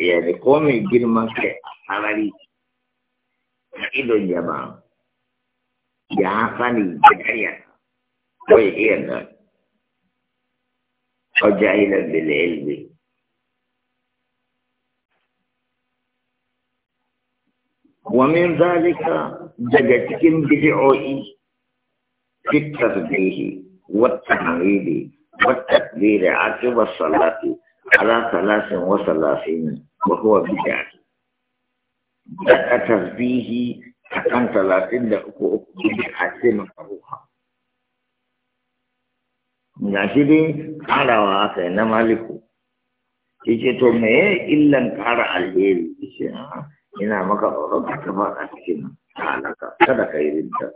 يعني قومي جرمان كي حراري عيد الجماعة جعفني جعيا ويحيانا وجعيلا بالعلم ومن ذلك دجتكم بدعوئي في التسبيح والتحميد والتكبير عقب الصلاة ala talatin wa talatin wa huwa bid'ah da ta a kan talatin da uku uku bid'a ce makaruha ga shi ne karawa kai na maliku shi ce to me ya illan kara alheri shi a ina maka tsoron ka taba a cikin halaka kada ka yi rinta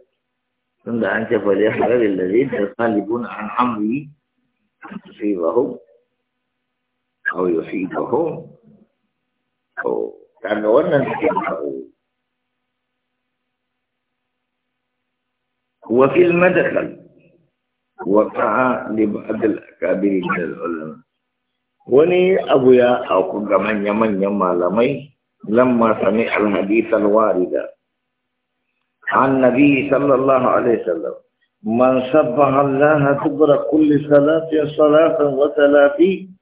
tun da an ce fa zai harari da zai da salibuna an amuri a tusi ba hau أو يصيبهم أو تعملون نسيبه هو في المدخل وقع لبعض الأكابر من العلماء وني ابويا او أكو جمان يمن يما لمي لما سمع الحديث الوارد عن النبي صلى الله عليه وسلم من سبح الله كبر كل صلاة صلاة وثلاثين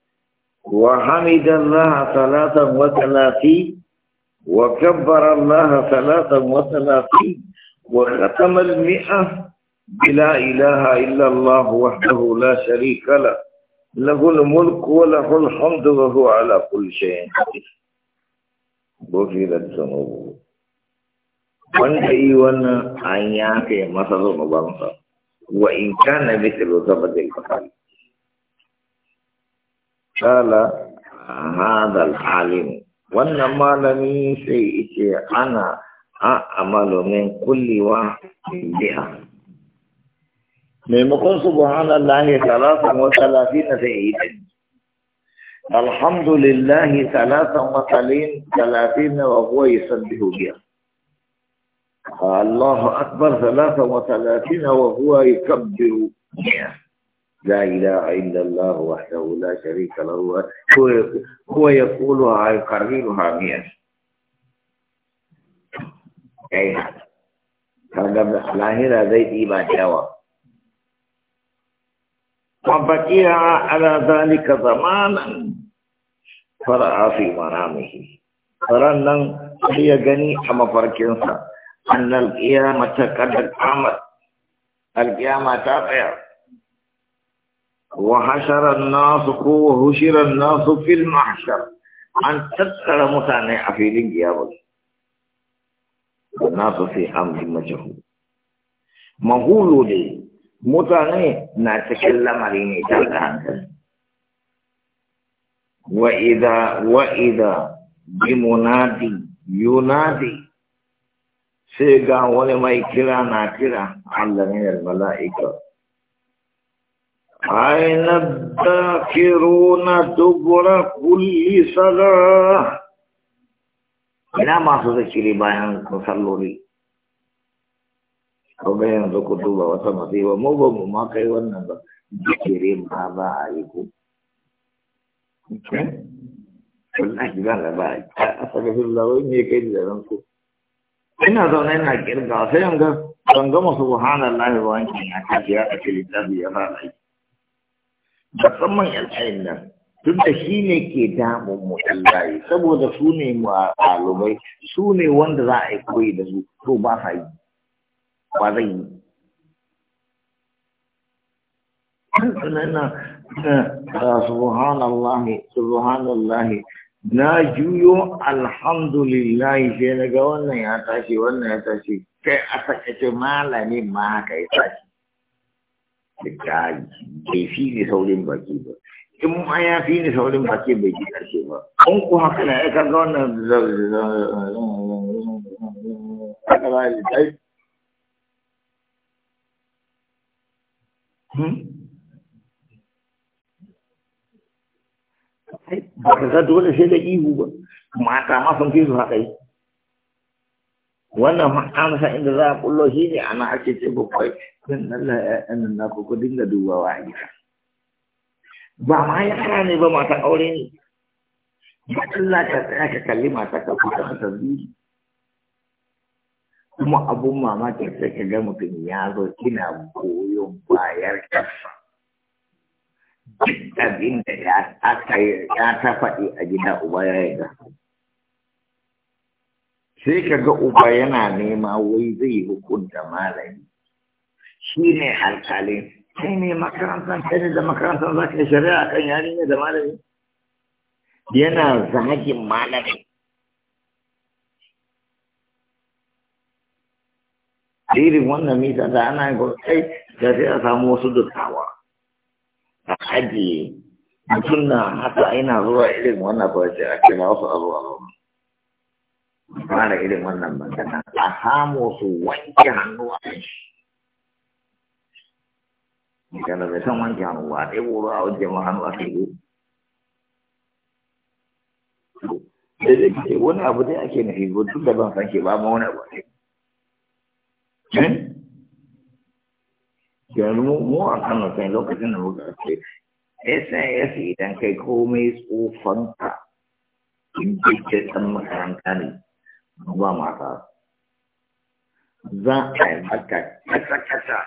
وحمد الله ثلاثا وثلاثين وكبر الله ثلاثا وثلاثين وختم المئة بلا إله إلا الله وحده لا شريك له له الملك وله الحمد وهو على كل شيء قدير غفرت ذنوبه wanda yi wannan an yafe masa zunubansa wa in kala hadal alim wannan malami sai ce ana a amalo min kulliwa biha maimakon subhanallahi salatan wa talatina sai yi alhamdulillahi salatan wa talatina wa huwa yusabbihu biha الله أكبر ثلاثة وثلاثين وهو يكبر مئة لا إله إلا الله وحده لا شريك له هو يقولها يقررها مئة أي نعم. هذا لا لاهرة زي ما جوا على ذلك زمانا فرأى في منامه فرنن هي غني أما فركنسا أن القيامة قد قامت القيامة تابعه وحشر الناس وحشر الناس في المحشر أن تذكر في أفيلين جيابك الناس في حمد المجهول مهول لي متعنى نتكلم تكلم تلك وإذا وإذا بمنادي ينادي سيقا ولما يكرا ناكرا علمين الملائكة أين الذاكرون دبر كل صلاة ina masu zikiri bayan kun salloli ko ga yanzu ku duba ba mu ma wannan ba zikiri ma ba a yi ku wallahi ba la ba a astaghfirullah wai me kai da ran ku ina zaune gama subhanallahi wa anki ya a ba musamman yan tsayin nan duk da shi ne ke damun mu illahi saboda su ne ɗalibai su ne wanda za a yi koyi da su to ba sa yi ba zai yi na juyo alhamdulillahi sai na ga wannan ya tashi wannan ya tashi kai a sakace malami ma haka ya tashi da gari bai fi ni saurin baki ba in ma ya fi ni saurin baki bai ji ƙarshe ba in ku haka na ya karga wannan ba ka dole sai da ihu ba mata ma sun wannan amsa inda za a kullo shi ne ana ake ce bakwai sun Allah ya'yan na ku dinga dubawa a gida ba ma yara ne ba mata aure ne ba ka tsaya ka kalli mata ka fita mata zuwa kuma abun mamaki sai ka ga mutum ya zo kina goyon bayar kasa duk abin da ya ya ta faɗi a gida uba ya yi gasa sai ka ga uba yana nema wai zai hukunta malami shi ne alkali kai ne makarantar kai ne da makarantar za ka yi shari'a kan yari ne da malami yana zagin malami irin wannan mita da ana yin kai da sai a samu wasu dukawa a ajiye mutum na haka ina zuwa irin wannan kwanci a kira wasu abubuwa fara irin wannan magana a samu su wanke hannu a kan magana mai san wanke hannu ba ɗaya wuro a wajen ma hannu a kan shi da zai wani abu dai ake nufi ba duk da ban san ke ba ma wani abu ne eh? yanzu mu a kano sai lokacin da muka ce sas idan kai komai tsofanka in kai ke san makaranta ne ba haka za a yi haka kasa-kasa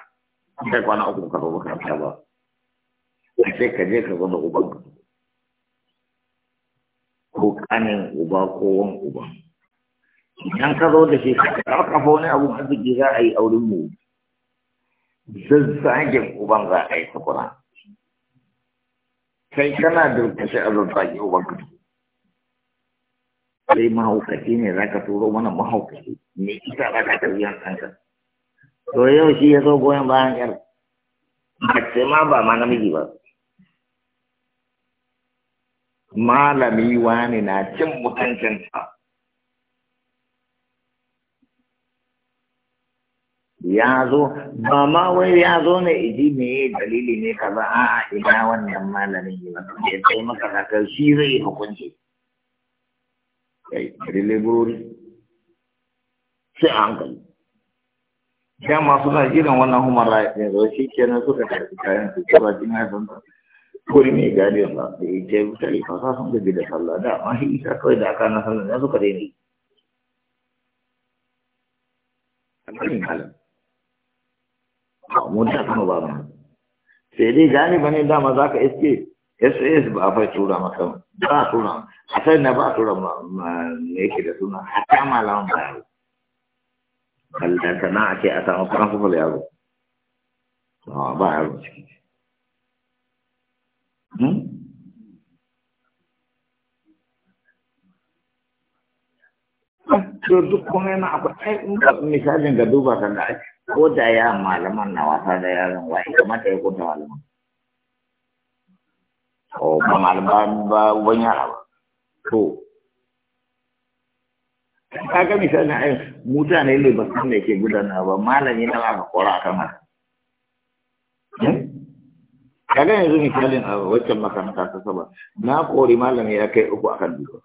sai kwana uku ka ba makaranta ba sai ka je ka zo da uban ka ko kanin uba ko wan uba idan ka zo da shi ka kafa wani abu arziki za a yi auren mu zazzagen uban za a yi sakura sai kana kashe a zazzagen uban ka sai mahaukaci ne za ka turo mana mahaukaci me isa ba ka tarbiyyar kanka to yau shi ya zo goyon bayan yar mace ma ba ma namiji ba malami wani na cin mutuncinta ya zo ba ma wai ya zo ne iji me dalili ne ka ba a ina wannan malamin yi ba ya kai maka kakar shi zai hukunci kai gari leburori sai a hankali dama suna irin wannan human rights ne zai shi kenan suka karfi kayan su ta bakin haifan kuri mai gadi ba da ya ce mutane fasa sun gaji da sallah da amma shi kawai da aka suka daina mun ta kama ba sai dai gani bane dama za ka iske SAS ba a fai tura maka ba a tura a na ba a ma ne ke da suna hata malaman ba yaro ballanta na ake a samu principal yaro ba yaro ciki hmm? ah, to duk kuma yana akwai misalin ga duba sanda ko da ya malaman na wasa da yaron wa kamata ya kunta malaman ko ba ba wani yara ba to kaga misali ai mutane ne ba san da ke gudana ba malami na aka kora akan haka hmm? kaga yanzu misalin a waccan makaranta ta saba na kori malami ya ke uku akan duka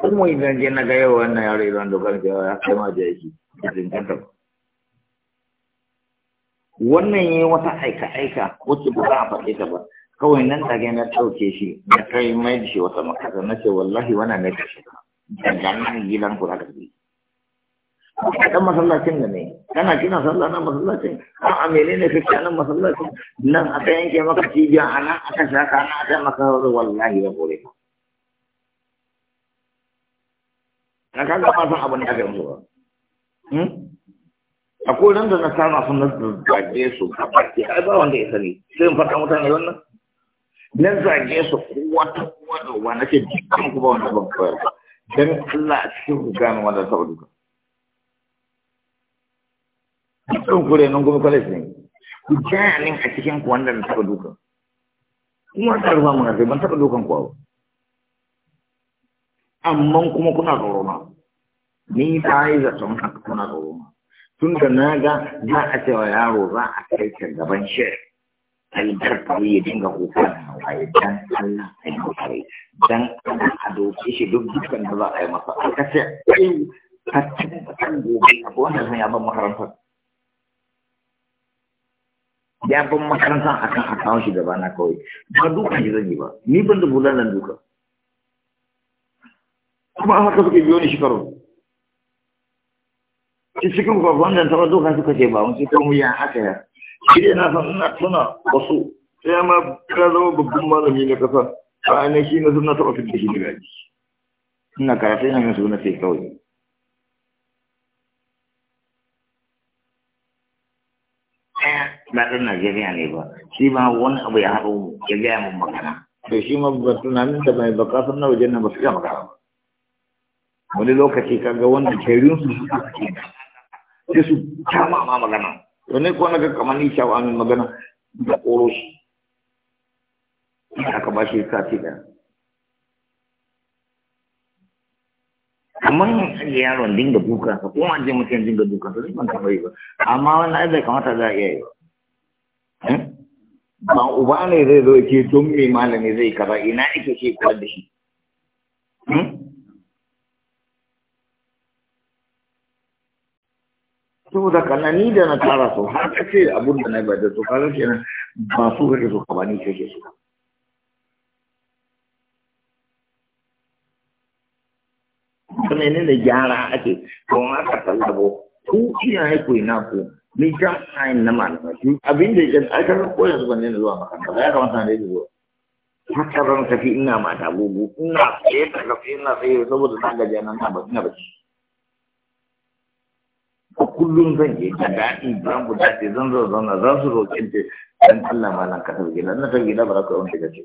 kuma idan je na ga yawa wannan yaro idan dokar jawa ya kai ma da yake da jinkanta ba wannan yi wata aika-aika wacce ba za a faɗi ta ba kawai nan gani na ɗauke shi da kai mai da shi wata makasa na ce wallahi wana ne ka shi daga nan gidan kula da bi dan masallacin da ne kana kina sallah na masallacin an amele ne fi nan masallacin nan a ta yanke maka cibiya a nan aka shaka a aka maka wallahi ya kore ka na kaga ba san abu ne aka yi musu ba hmm? akwai nan da na kama sun nan zage su a baki a ba wanda ya sani sai in faɗa mutane wannan nan zage su kowa ta kowa da uwa na ce dukkan ku ba wanda ban koyar ba dan Allah a cikin ku gane wanda ta duka dukkan ku nan kuma kwalis ne ku jaya ne a cikin ku wanda na taɓa duka kuma ta rufa mun sai ban taɓa dukan ku ba amma kuma kuna tsoro na ni ta yi zaton haka kuna tsoro na tun da na ga za a cewa yaro za a kai ka gaban shi albarkar ya dinga kokon hawaye dan Allah a yi kokare dan Allah a doke shi duk dukkan da za a yi masa aka ce ai ka tabbatan gobe abu wanda zan yaban makaranta. ya ban makarantar akan a kawo shi gaba na kawai ba duka shi zan yi ba ni ban da bulan nan duka kuma haka suke biyo ni shi karo in cikin babban da taba duka suka ce ba wani kuma ya haka ya shi dai na san ina tuna wasu sai ma ka zama babban malami na kasa a ne shi na suna taba fitta shi daga ji ina karatu ina yin suna sai kawai ba ɗan Najeriya ne ba shi ma wani abu ya haɗu ya gaya mun magana to shi ma ba tunanin da mai baka na wajen na ba su iya magana ba wani lokaci kaga wanda ke su su suke sai su kama ma magana to ne ko na ga kamar ni shawo amin magana da koro shi aka ba shi sati da kamar yaron dinga duka ka kuma je mutum dinga duka ka ban taɓa yi ba amma wannan ai bai kamata za iya yi ba eh? ba uba ne zai zo ce don me malami zai kaza ina ake shi kuwa da shi hmm? saboda kana ni da na tara su har ka ce abin da na bada su kaga kenan ba su kake su ka ba ni kake so ne gyara ake to ma ka tallabo ku iyaye ku ina ku ni kan ayin na malamai abin da ya aka ran koyar zuwa ne zuwa makaranta ya kamata ne zuwa haka tafi ina mata bubu ina tsaye ta kafi ina saboda na na ba ina ba ko kullum zan yi da daɗi zan ku daɗi zan zo zauna za su roƙin ce dan Allah malam ka tafi gida na tafi gida ba za ku yi wani ce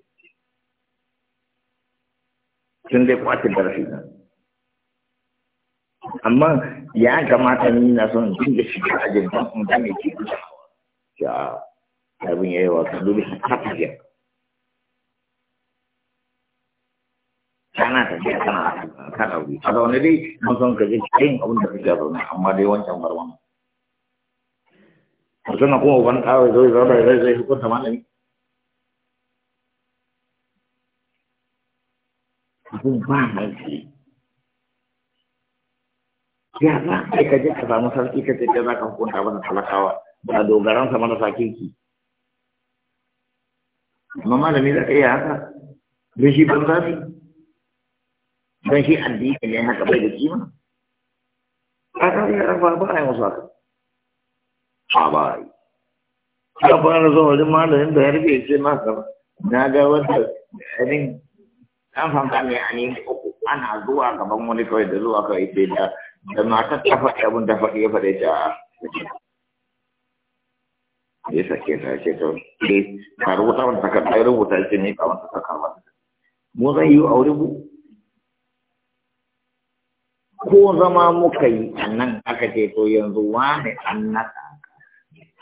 tun dai kwace darasi na amma ya kamata ni na son jin da shi ta ajin don in gane ke kusa ya abin yayi wa ka dubi haka ya ana tafiya kana kana wuri a zaune dai mun san ka je cikin abin da kake zaune amma dai wancan bar mutum na kuma wani kawai zai zaune zai zai hukunta malami abin ba hankali ya za ka yi je ka samu sarki ka ce za ka hukunta mana talakawa da dogaransa marasa kirki amma malami za ka iya haka da shi banza don shi addini ne haka bai da kima a kan ba ba a yi musu haka a ba yi ya fara zuwa wajen malamin da ya rufe ce maka na ga wata ɗanin an fanta ne a ne uku ana zuwa gaban wani kawai da zuwa kawai sai da da matar ta faɗi abin da faɗi ya faɗi ta ya sake ta ce ta dai ka rubuta wani takardar rubuta ce ne ka wani takarwa mu zan yi aure ko zama muka yi a nan aka ce to yanzu wane an nasa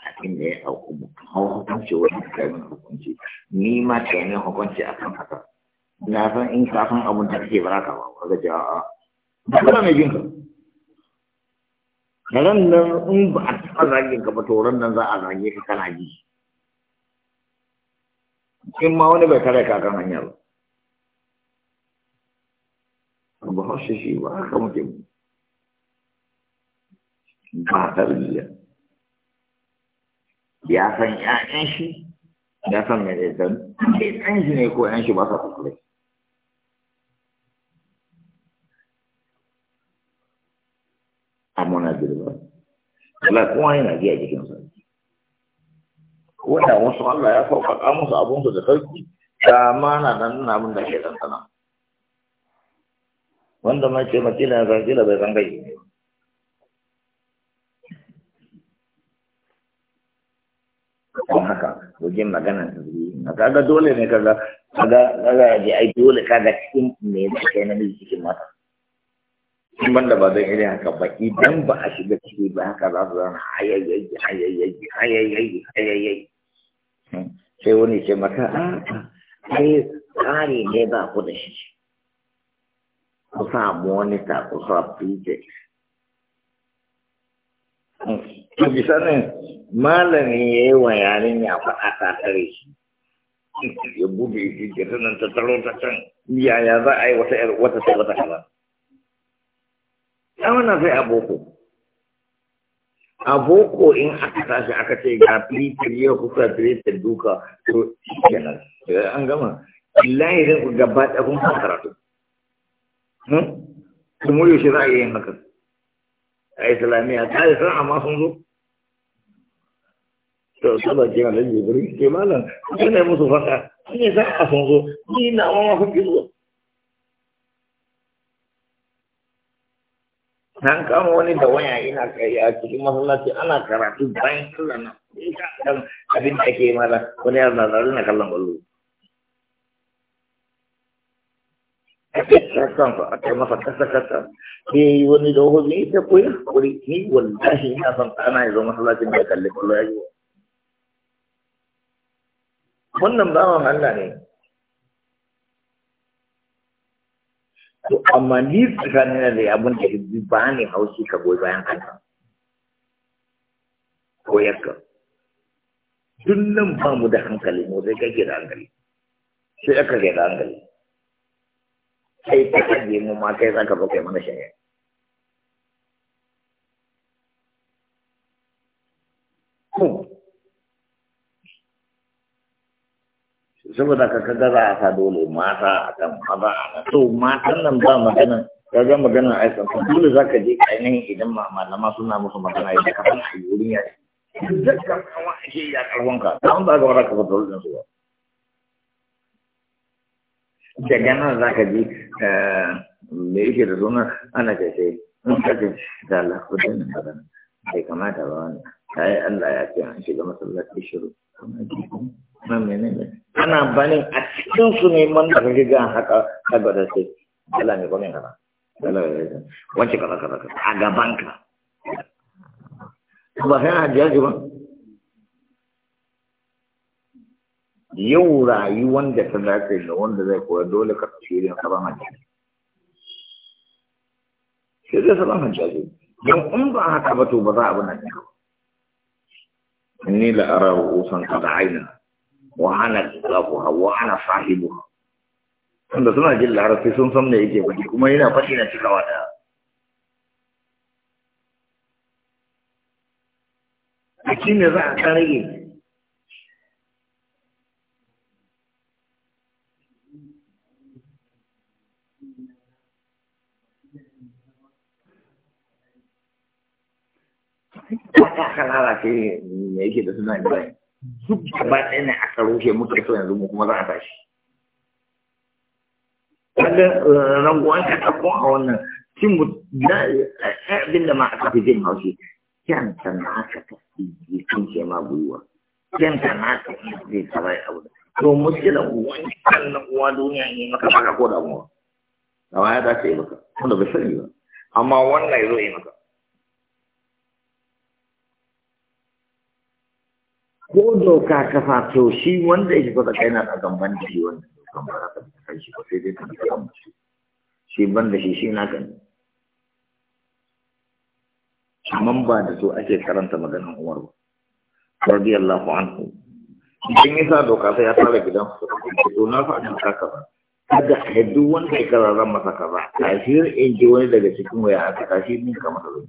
abin da ya auku hau hukunci wani karin hukunci ni ma ta yi hukunci a kan haka na san in ka san abin da kake baraka ba ka gaji a ba ka mai jinka da ran nan in ba a taɓa zagin ka ba to ran nan za a zage ka kana ji in ma wani bai kare ka kan hanyar. ba ba haushe shi ba haka muke ba ya san ƴaƴan shi ya san me zai san ɗan shi ne ko ƴan shi ba sa kuskure amma na girba Allah kuma yana ji a jikinsa wanda wasu Allah ya sauƙaƙa musu su da sarki da ma na nan abin da ke ɗan sana wanda ma ce makila ya san da bai san kai ne don haka wajen magana na kaga dole ne kaga kaga kaga ji ai dole kaga cikin me da na miji cikin mata in da ba zan irin haka ba idan ba a shiga ciki ba haka za su zana ayayyayi ayayyayi ayayyayi ayayyayi hmm. sai wani ce maka ai tsari ne ba ku da shi ku sa monita ku sa pije to bisa ne malamin ya yi wa yarin ya faɗa ta tare shi ya buɗe shi ke nan ta taro ta can yaya za a yi wata yar wata sai wata kaza ya wannan sai a boko a boko in aka tashi aka ce ga fitir yau kuka fitir duka to kenan an gama lahirin ku gaba ɗaya kun karatu Hmm? kuma yaushe za a yi yin haka a islamiyya ta yi sana amma sun zo to saba ke malam ke malam ne musu fasa sun yi sana sun zo ni na ma kun zo an kama wani da waya ina kai a cikin masallaci ana karatu bayan sallah abin da ake mara wani yana da na kallon ballo kansa aka yi masa kasa-kasa ya yi wani doho ne ta koyi hakuri ni wallahi ina son ana ya zo masallacin da kalli kwallo ya yi wa wannan bawan Allah ne to amma ni tsakanin da abin da hibbi ba ne haushi ka goyi bayan kanka ko yakka duk nan ba mu da hankali mu kake hankali sai aka ke hankali kai ka kaje mu ma kai zaka zo kai mana shari'a saboda ka ka gaza a dole mata a kan maza a nan to matan nan ba magana kaga magana a kan dole za ka je kainin idan malama suna musu magana idan ka san a yi wurin yi duk kan kawo a shi ya karwanka ta wanda ga wara ka ba dole su ba daga nan za ka ji eh, me yake da suna ana kashe in kaje da Allah ko da nan da bai kamata ba wannan kai Allah ya ce an shiga masallaci shiru kuma menene ana bani a cikin su ne man da kake gan haka kaga da sai Allah ne gomen kana Allah ya ce wace kaza kaza a gaban ka ba sai a jaji ba يو رايوان ده تدا كيل وان ده كوا دولة كتير يعني كبار ماشي كده سلام ماشي يوم أم بعها كبتو بضاعة بنتي إني لا أرى وصن قد عينا وأنا أطلبها وأنا صاحبها عند سنة جل أرى في سن سن نيجي بدي كم هنا بدينا تكوانا أكيد نزع كاريجي aka ke me yake da suna ibrahim duk gaba ɗaya ne aka rushe muka so yanzu mu kuma za a tashi kaga eh, ranguwan ka ɗauko a wannan cin mu da eh, abin da ma aka fi jin haushi kyan ta na aka tafi jikin ke ma gwiwa kyan ta na aka yi zai tarai abu da to muskilan wancan na uwa duniya ne maka baka ko damuwa a waya za ta yi maka wanda bai sani ba amma wannan ya zo yi maka ko doka kafa to shi wanda ya shiga kai na da gamban da shi wanda kan ba kai shi ko sai dai ka kan shi ban shi shi na kan amma ba da so ake karanta maganar Umar ba radiyallahu anhu idan yasa doka sai ya tsara gidan to na fa an saka ba kada a duk wanda ya karara masa kaza kafir in ji wani daga cikin waya a kashi min kamar zai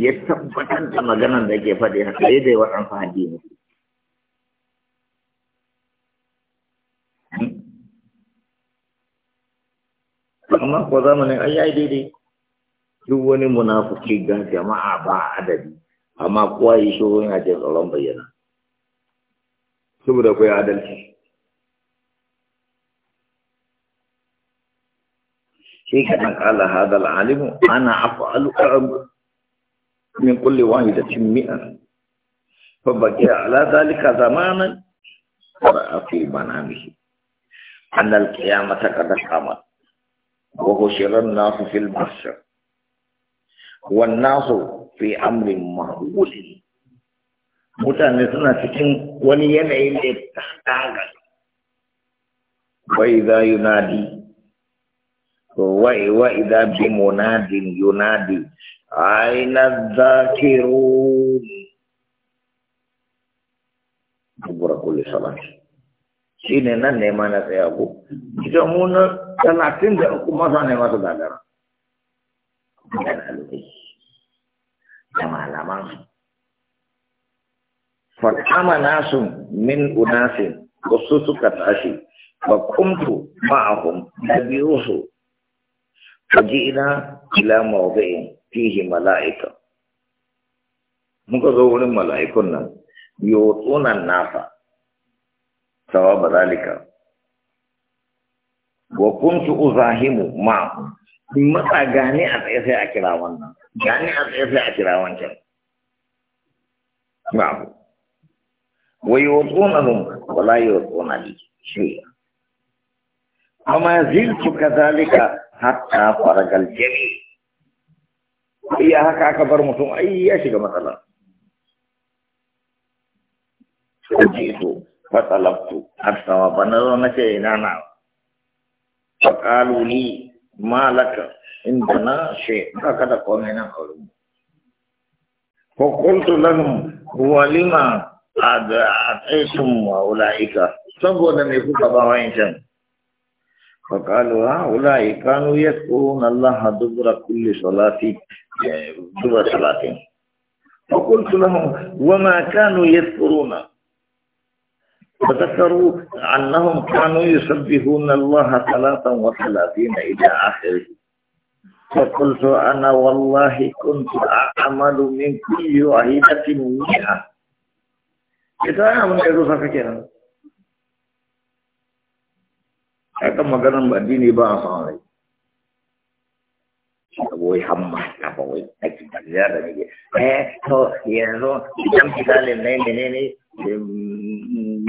ya tabbatar da magana da ke faɗi a yi da yawan fahadi ne amma ko zamanin ai yayi daidai duk wani munafuki ga jama'a ba adadi amma kowa yi shi wani ajiyar tsoron bayyana saboda akwai adalci shi kana kala hadal alimu ana af'alu من كل واحدة مئة فبقي على ذلك زمانا رأى في منامه أن القيامة قد قامت وحشر الناس في المحشر والناس في أمر مهول متنسنا suna cikin لتحتاج وإذا ينادي وإذا بمناد ينادي أين الذاكرون دبر كل صلاة Sini nan ne ma na tsaya ko ita mu na talatin da uku masa ne masu dadara da ɗalibai da malaman fatama nasum min unasin Kususu suka tashi ba kumtu ma'ahum Nabi biyu su ina ila mawdu'in fihi mala'ika muka zo wurin mala'ikun nan yotsunan nasa sawa ba zalika wa kuntu uzahimu ma matsa gani a tsaye sai a kira wannan gani a tsaye sai a kira wancan ma'ahu wa yotsunanum wala yotsunani shi amma ziltu kadhalika hatta faragal jami'i iya haka aka bar mutum ai ya shiga matsala jitu fatalabtu asawa bana zo na ce ina na faqalu malaka inda na she ba kada komai nan aure ko kuntu lahum huwa lima ada ataitum wa ulaika saboda me kuka ba wayan فقالوا هؤلاء كانوا يذكرون الله دبر كل صلاة دبر صلاة فقلت لهم وما كانوا يذكرون فذكروا أنهم كانوا يسبحون الله ثلاثا وثلاثين إلى آخره فقلت أنا والله كنت أعمل من كل واحدة مئة. إذا أنا menurut saya kira. Haka maganan addini ba a son rai. Wai hamma na ba wai ake tafiya da nake. Eh, to yanzu idan misalin ne ne ne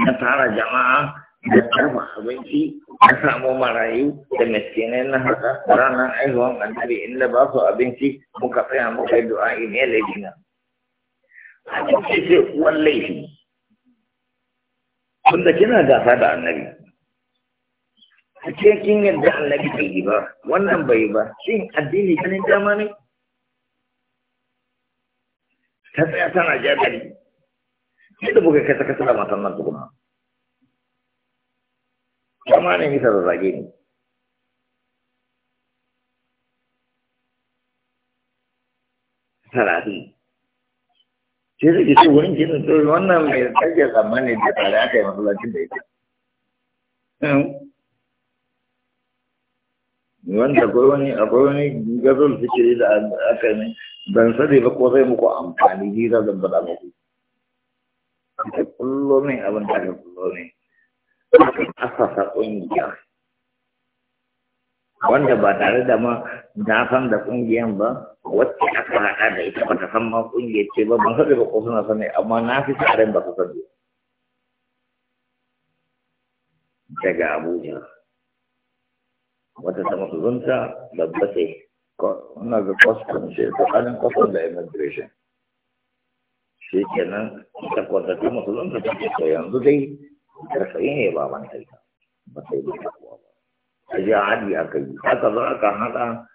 na tara jama'a da tarfa abinci na samu marayu da miskinai na haka ranar aihuwan annabi inda ba su abinci muka tsaya muka yi du'a ne laifina. A cikin sai uwan laifi. Tunda kina gasa da annabi. a cikin yadda Allah bai yi ba wannan bai ba shin addini ganin dama ne ta tsaya tana jagari yadda buga kai ta kasa da matan nan tukuna dama ne nisa da zage ne sarari sai da ke ce wurin jinin wannan mai tsakiyar tsammanin da tsari aka yi masallacin da ita hmm? wanda akwai wani akwai wani gazon fikiri da aka yi ban sani ba ko zai muku amfani ni za zan faɗa muku aka kullo ne abin da ka kullo ne aka asasa ƙungiya wanda ba tare da ma na san da ƙungiyan ba wacce aka haɗa da ita ba ta san ma ƙungiyar ce ba ban sani ba ko suna sani amma na fi sa ba su sani daga Abuja. wata ta musulunta babba ce wannan ga shi ko halin kwastam da immigration shi kenan ta kwanta ta musulunta ta ce to yanzu dai karsayi ne ba man kai ba sai da kuwa ba a ji a hadi aka yi aka zo ka haɗa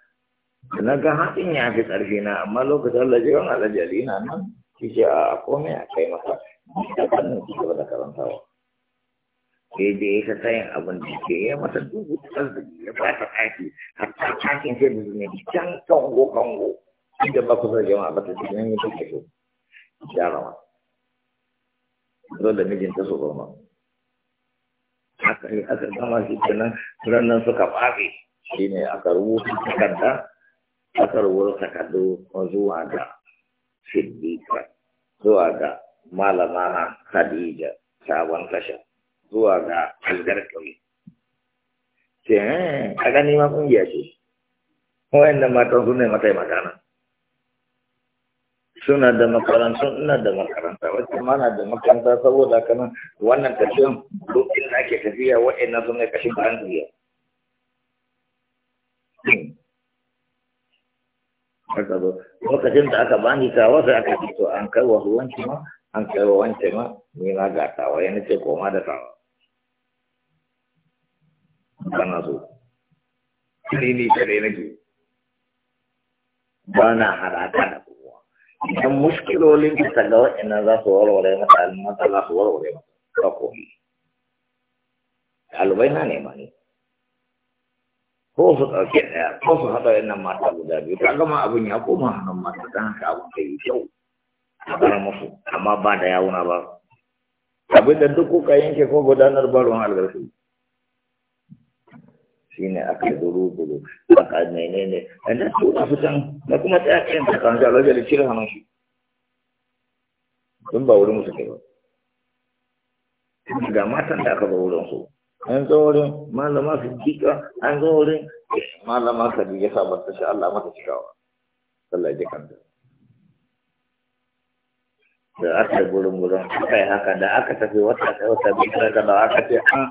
na ga haɗin ya fi ƙarfi na amma lokacin alhaji wani alhaji alina nan shi ce a komai a kai masa ta fannin ci gaba da karantawa ya je ya ta yin abin da ke yi mata dubu arziki ya ba ta taki hatta ɗakin sai da zuwa can kango kango inda ba kusa zai jama'a ba ta cikin yanyin take so jarawa dole mijinta su gama aka yi aka gama shi kenan ranar suka fafe shi ne aka rubuta takarda aka rubuta takardu zuwa ga siddiqa zuwa ga malama khadija sabon tasha zuwa ga algar ƙauye ce eh, a gani ma ƙungiya ce da matan su ne mata magana suna da makaranta ina da makaranta wacce ma na da makaranta saboda kana wannan tafiyan lokacin da ake tafiya wa'annan suna ne kashin bayan duniya haka zo lokacin da aka bani tawa sai aka fito to an kai wa ruwanci ma an kai wa wance ma ni na ga tawa yana ce koma da tawa ba na so ni ne kare nake ba na haraka da kowa idan muskilolin ka ta ga wa'annan za su warware mata ta za su warware mata ba komi ɗalibai na nema ne ko su ɗauke ɗaya ko su haɗa wannan mata guda biyu ta gama abin ya koma hannun mata ta haka abin ka yi kyau a ƙara musu amma ba da yawuna ba abin da duk kuka yanke ko gudanar baron algarfi shi ne aka guru-guru aka menene yadda su a fitan na kuma tsaya kayan ta kan jalar da cire hannun shi sun ba wurin musu kai ba ga matan da aka ba wurin su an zo wurin malama su jika an zo wurin malama ka ya sabar ta sha Allah mata cikawa sallah ji kanta da aka gurin gurin kai yi haka da aka tafi wata kai wata biyu da aka ce an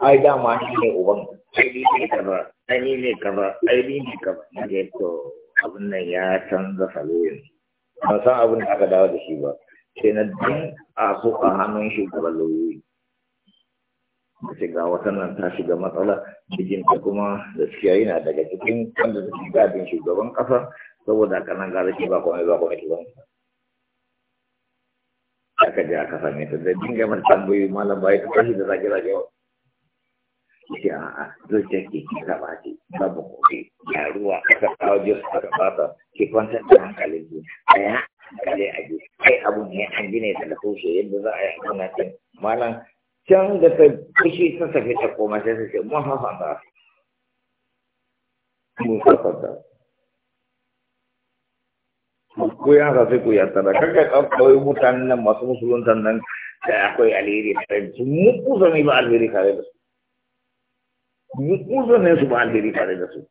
ai dama shi ne uban ai ne kaza ai ne kaza ai ne kaza na ce to abin nan ya canza salo ba ban san abin da aka dawo da shi ba sai na din a so a hannun shugaban lauyoyi da ce ga wata nan ta shiga matsala ta kuma gaskiya yana daga cikin wanda suke gadin shugaban kasa saboda haka nan ga shi ba komai ba komai ba aka je aka same ta da dinga mata tambayi malam bai ta tashi da zage zage wa shi a a zuciya ki taba babu ya ruwa aka kawo jus aka fata ke kwantar da hankalin ki daya hankali a ji kai abu ne an gine da yadda za a yi hannun can malam can da ta kushe ta tafi ta koma sai ta ce mun hafa ba mun hafa ba ko ya haka sai ko ya tara kaga kawai mutanen nan masu musuluntan nan da akwai alheri da su mu kusa ne ba alheri kare da su ne su ba alheri tare da su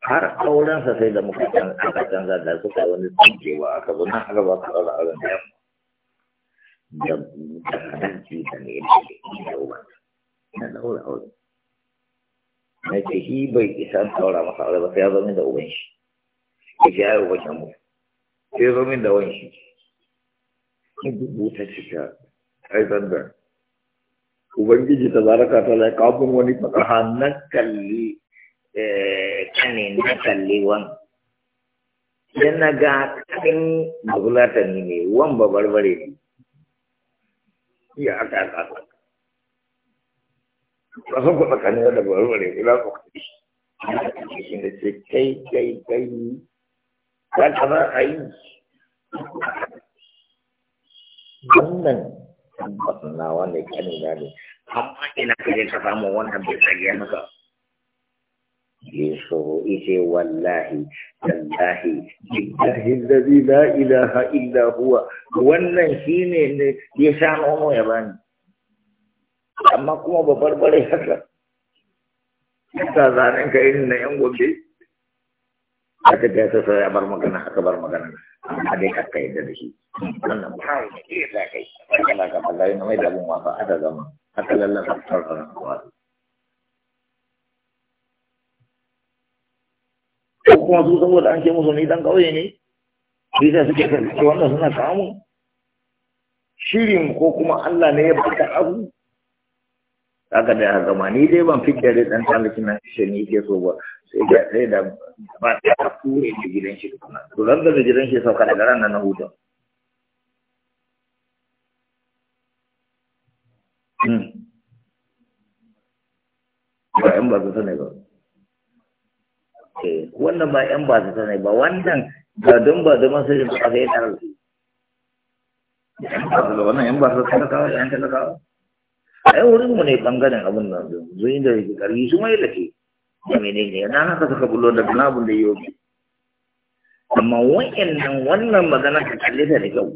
har aurensa sai da muka aka canza da suka wani tsinkewa aka zo nan aka ba aure ɗaura wani da da kadanci da ne da uban na ɗaura auren na ce shi bai isa ɗaura masa aure ba sai ya zo min da uban shi ya ce ya yi uban mu sai ya zo min da wani shi in dubu ta cika ai da. ubangiji ta zaraka ta lai kafin wani fasaha na kalli eh, kane na kalli wan sai na ga kanin babulatani ne wan ba barbare ne iya aka kasa kasan ku tsakanin da barbare ne za ku kashi shi da ce kai kai kai ta kama a yi wannan tabbas na wanda kani na ne amma ina kaje ka samu wannan bai haka. maka يسوع إيه wallahi, تالله بالله الذي la ilaha illa huwa wannan shine ya sha nono ya bani amma kuma babbar barbare haka ta zanen ka irin na yan gobe ada biasa ta abar bar magana aka bar magana amma dai ka kai da shi wannan ba ne ke da kai kana ga Allah ne mai da mun wafa aka zama aka lallan ka tsara wa kuma su saboda an musu ni dan kauye ne bisa suke kan wannan suna kamu shirin ko kuma Allah ne ya aku aka da ya zama ni dai ban fitar da ɗan talaki na shi ne ke so ba sai da sai da ba ta kure da gidan shi kuma to ran da gidan shi sauka daga ran nan na huta hmm. ba yan ba su sanai ba Eh wannan ba yan ba su sanai ba wannan ba don ba da masu yin ba sai ya tarar da wannan yan ba su sanai kawai yan talakawa ai wurin mu ne bangaren abin nan zuwa inda yake karfi su mai lafi da ne na haka suka bullo da abin da yau amma wa'annan wannan magana ta kalle ta da kyau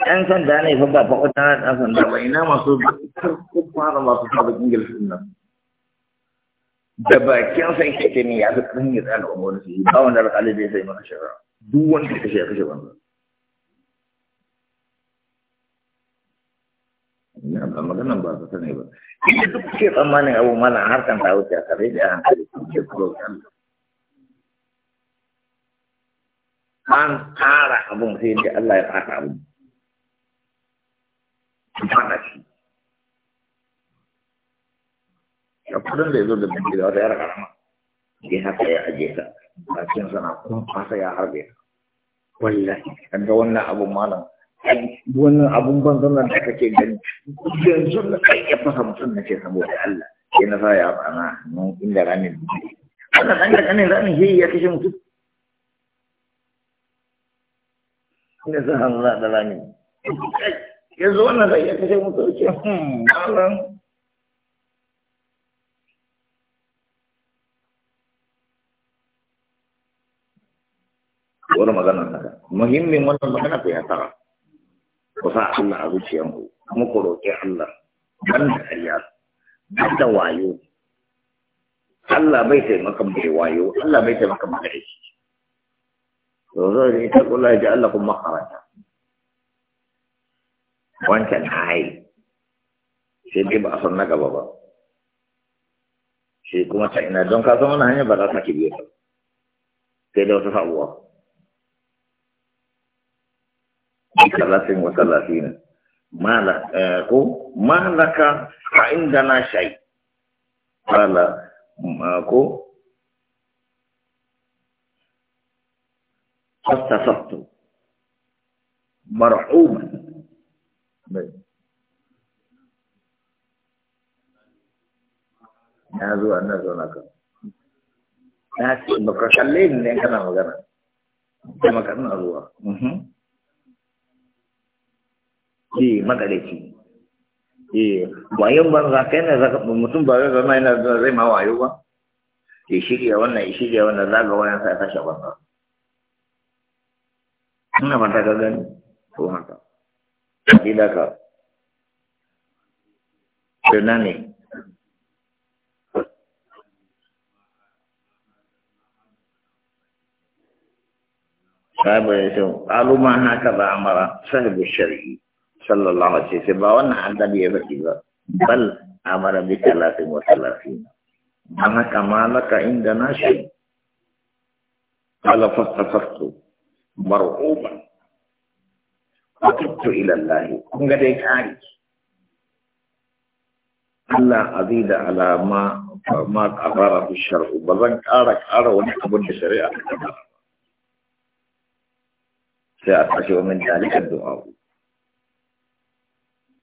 ɗan sanda ne fa ba fakwata na ɗan sanda ba ina masu farko fara masu sabon Ingilishi nan da bakin san ke ne ya fi kan yi da su ba wanda alƙalin zai sai maka shara duk wanda ka shi ya kashe banza ina ba maganan ba su sani ba inda duk ke tsammanin abu mana harkan ta wuce a kare da hankali ke kuro kan an tsara abun sai da Allah ya fata abun fata shi Ya kudin da ya zo da bin da wata yara karama ya haka ya aje ka. bakin sana kun fasa ya harbe wallahi an ga wannan abun malam wannan abun ban zanen da aka kake gani yanzu na kai ya fasa mutum na ce saboda Allah ya na sa ya bana nan inda ramin ke wannan ɗan da ƙanin ramin shi ya kashe mutum inda sa hannu na da ramin yanzu wannan zai ya kashe mutum ce hmm, Allah wani magana muhimmin wannan magana ta ya tara ku sa Allah a zuciyarmu kuma ku roƙi Allah ban da ƙarya ban da wayo Allah bai taimaka mai wayo Allah bai taimaka mai ƙarfi to zo ne ta kula da Allah kuma makaranta wancan hayi sai dai ba a san na gaba ba sai kuma ta ina don ka san wani hanya ba za ta ki biyo ta sai da wata sabuwa. wa وثلاثين malak لك ما لك عندنا شيء قال ماكو فاستفقت مرحوما marhuman baik Nazu anna zonaka. Nasi, maka baka yang ni ne kana magana kuma kana zuwa shi yi bayan ban za kai ne zaka mutum ba zai zama yana zai ma wayo ba ya shirya wannan ya shirya wannan ga wayan sa ya kashe banza ina mata ka gani ko haka kabila ka tuna ne sabu ya ce aluma haka ba amara sahibu shari'i صلى الله عليه وسلم وانا عند ابي بكر بل امر بثلاث وثلاثين انا كمالك عند ناشي قال فاتفقت مرعوبا فتبت الى الله ان غديك عارف الا ازيد على ما ما في الشرع بزن قارك ارى ونقبل الشريعه سياتي من ذلك الدعاء